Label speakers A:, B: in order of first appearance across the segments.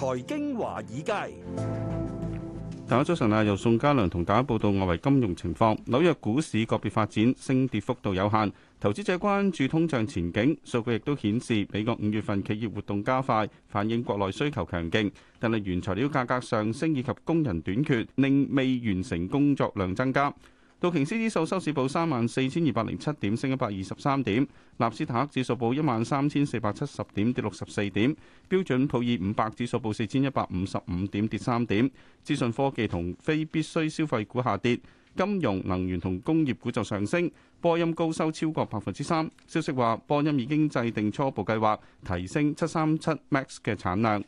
A: 財經華
B: 爾街，大家早晨啊！由宋家良同大家報道外圍金融情況。紐約股市個別發展，升跌幅度有限，投資者關注通脹前景。數據亦都顯示，美國五月份企業活動加快，反映國內需求強勁，但係原材料價格上升以及工人短缺，令未完成工作量增加。道瓊斯指數收市報三萬四千二百零七點，升一百二十三點，納斯達克指數報一萬三千四百七十點，跌六十四點，標準普爾五百指數報四千一百五十五點，跌三點。資訊科技同非必需消費股下跌，金融、能源同工業股就上升。波音高收超過百分之三，消息話波音已經制定初步計劃提升七三七 Max 嘅產量。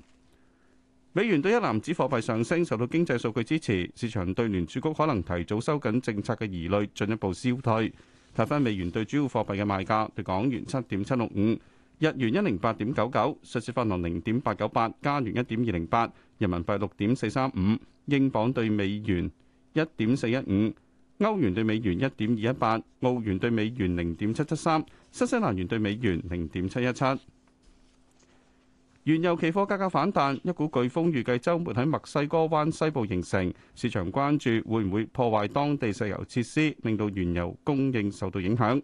B: 美元對一籃子貨幣上升，受到經濟數據支持，市場對聯儲局可能提早收緊政策嘅疑慮進一步消退。睇返美元對主要貨幣嘅賣價，對港元七點七六五，日元一零八點九九，瑞士法郎零點八九八，加元一點二零八，人民幣六點四三五，英鎊對美元一點四一五，歐元對美元一點二一八，澳元對美元零點七七三，新西蘭元對美元零點七一七。原油期貨價格反彈，一股颶風預計週末喺墨西哥灣西部形成，市場關注會唔會破壞當地石油設施，令到原油供應受到影響。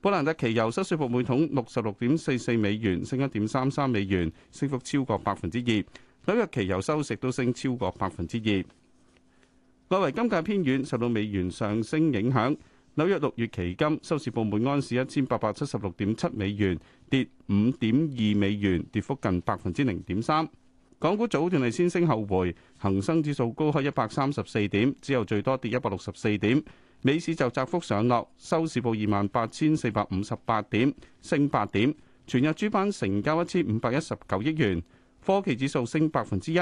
B: 布蘭特期油收市報每桶六十六點四四美元，升一點三三美元，升幅超過百分之二。紐約期油收市都升超過百分之二，外圍金價偏軟，受到美元上升影響。紐約六月期金收市報每安士一千八百七十六點七美元，跌五點二美元，跌幅近百分之零點三。港股早段係先升後回，恒生指數高開一百三十四點，之後最多跌一百六十四點，尾市就窄幅上落，收市報二萬八千四百五十八點，升八點。全日主板成交一千五百一十九億元，科技指數升百分之一。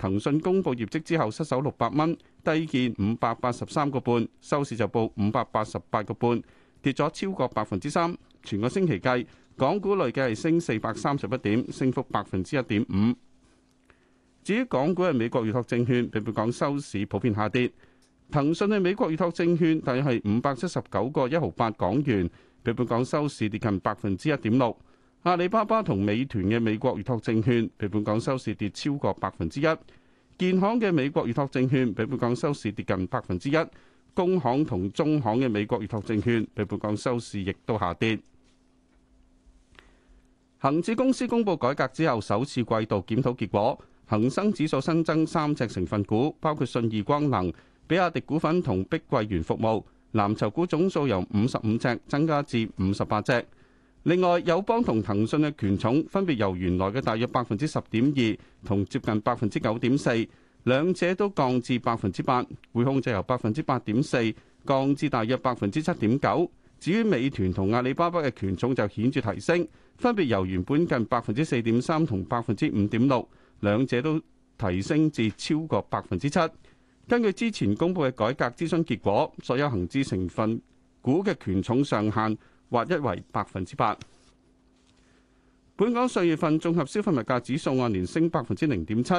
B: 騰訊公布業績之後失守六百蚊，低見五百八十三個半，收市就報五百八十八個半，跌咗超過百分之三。全個星期計，港股累計係升四百三十一點，升幅百分之一點五。至於港股係美國預託證券，比本港收市普遍下跌。騰訊係美國預託證券，大約係五百七十九個一毫八港元，比本港收市跌近百分之一點六。阿里巴巴同美團嘅美國預託證券，比本港收市跌超過百分之一；建行嘅美國預託證券，比本港收市跌近百分之一；工行同中行嘅美國預託證券，比本港收市亦都下跌。恒指公司公布改革之後首次季度檢討結果，恒生指數新增三隻成分股，包括信義光能、比亞迪股份同碧桂園服務。藍籌股總數由五十五隻增加至五十八隻。另外，友邦同騰訊嘅權重分別由原來嘅大約百分之十點二同接近百分之九點四，兩者都降至百分之八，匯控就由百分之八點四降至大約百分之七點九。至於美團同阿里巴巴嘅權重就顯著提升，分別由原本近百分之四點三同百分之五點六，兩者都提升至超過百分之七。根據之前公布嘅改革諮詢結果，所有恒指成分股嘅權重上限。或一為百分之八。本港上月份綜合消費物價指數按年升百分之零點七，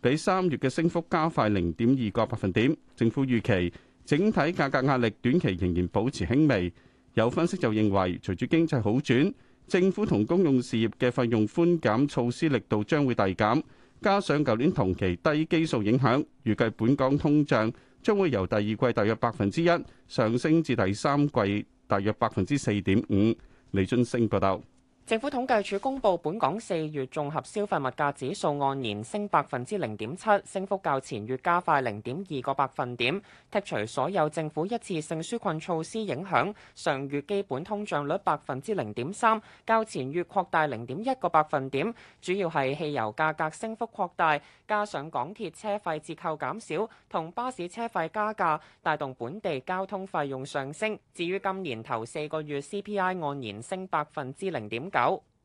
B: 比三月嘅升幅加快零點二個百分點，政府預期整體價格壓力短期仍然保持輕微。有分析就認為隨住經濟好轉，政府同公用事業嘅費用寬減措施力度將會遞減，加上舊年同期低基數影響，預計本港通脹將會由第二季大約百分之一上升至第三季。大約百分之四點五，李津升報道。
C: 政府統計處公布本港四月綜合消費物價指數按年升百分之零點七，升幅較前月加快零點二個百分點。剔除所有政府一次性紓困措施影響，上月基本通脹率百分之零點三，較前月擴大零點一個百分點。主要係汽油價格升幅擴大，加上港鐵車費折扣減少同巴士車費加價，帶動本地交通費用上升。至於今年頭四個月 CPI 按年升百分之零點。.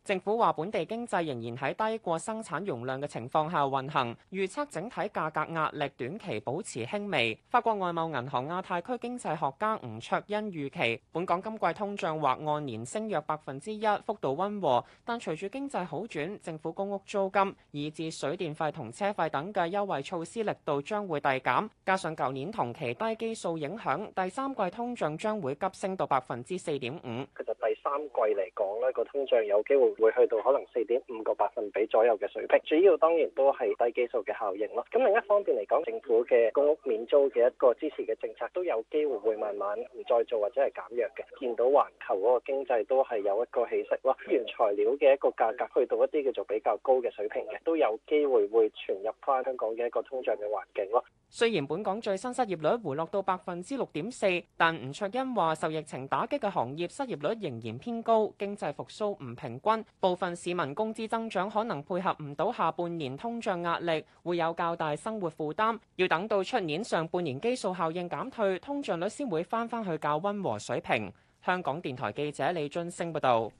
C: 政府話本地經濟仍然喺低過生產容量嘅情況下運行，預測整體價格壓力短期保持輕微。法國外貿銀行亞太區經濟學家吳卓恩預期，本港今季通脹或按年升約百分之一，幅度溫和。但隨住經濟好轉，政府公屋租金、以至水電費同車費等嘅優惠措施力度將會遞減，加上舊年同期低基數影響，第三季通脹將會急升到百分之四點五。三季嚟講，呢個通脹有機會會去到可能四點五個百分比左右嘅水平，主要當然都係低基數嘅效應咯。咁另一方面嚟講，政府嘅公屋免租嘅一個支持嘅政策都有機會會慢慢唔再做或者係減弱嘅。見到環球嗰個經濟都係有一個起色咯，原材料嘅一個價格去到一啲叫做比較高嘅水平嘅，都有機會會傳入翻香港嘅一個通脹嘅環境咯。雖然本港最新失業率回落到百分之六點四，但吳卓欣話受疫情打擊嘅行業失業率仍仍偏高，經濟復蘇唔平均，部分市民工資增長可能配合唔到下半年通脹壓力，會有較大生活負擔。要等到出年上半年基數效應減退，通脹率先會翻翻去較温和水平。香港電台記者李俊升報道。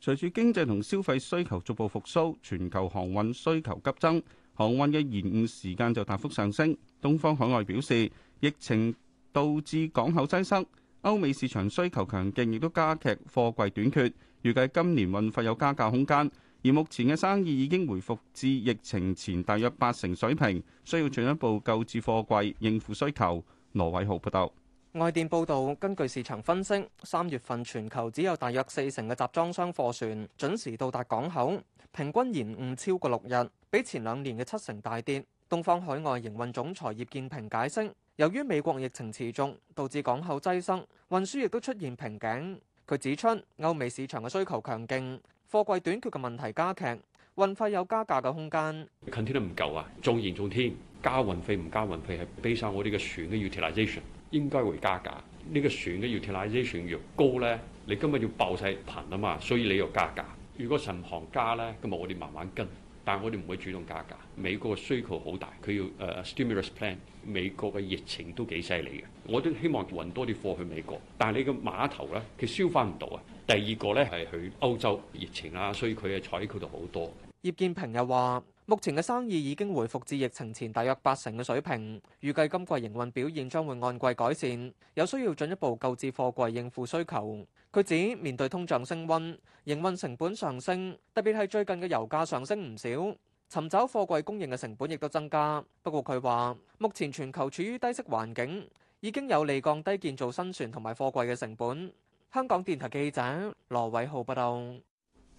B: 隨住經濟同消費需求逐步復蘇，全球航運需求急增，航運嘅延誤時間就大幅上升。東方海外表示，疫情導致港口擠塞。歐美市場需求強勁，亦都加劇貨櫃短缺，預計今年運費有加價空間。而目前嘅生意已經回復至疫情前大約八成水平，需要進一步購置貨櫃應付需求。羅偉豪報道。
A: 外電報導，根據市場分析，三月份全球只有大約四成嘅集裝箱貨船準時到達港口，平均延誤超過六日，比前兩年嘅七成大跌。東方海外營運總裁葉建平解釋。由於美國疫情持續，導致港口擠塞，運輸亦都出現瓶頸。佢指出，歐美市場嘅需求強勁，貨櫃短缺嘅問題加劇，運費有加價嘅空間。
B: 近天都唔夠啊，仲嚴重添，加運費唔加運費係逼晒我哋嘅船嘅 u t i l i z a t i o n，應該會加價。呢個船嘅 u t i l i z a t i o n 要高咧，你今日要爆晒棚啊嘛，所以你要加價。如果船行加咧，今日我哋慢慢跟。但係我哋唔會主動加價。美國嘅需求好大，佢要誒 stimulus plan。美國嘅疫情都幾犀利嘅，我都希望運多啲貨去美國。但係你個碼頭咧，佢消化唔到啊。第二個咧係去歐洲疫情啊，所以佢係採購到好多。
A: 葉建平又話。目前嘅生意已經回復至疫情前大約八成嘅水平，預計今季營運表現將會按季改善，有需要進一步購置貨櫃應付需求。佢指面對通脹升溫、營運成本上升，特別係最近嘅油價上升唔少，尋找貨櫃供應嘅成本亦都增加。不過佢話，目前全球處於低息環境，已經有利降低建造新船同埋貨櫃嘅成本。香港電台記者羅偉浩報道。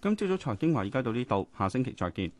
B: 今朝早財經華爾街到呢度，下星期再見。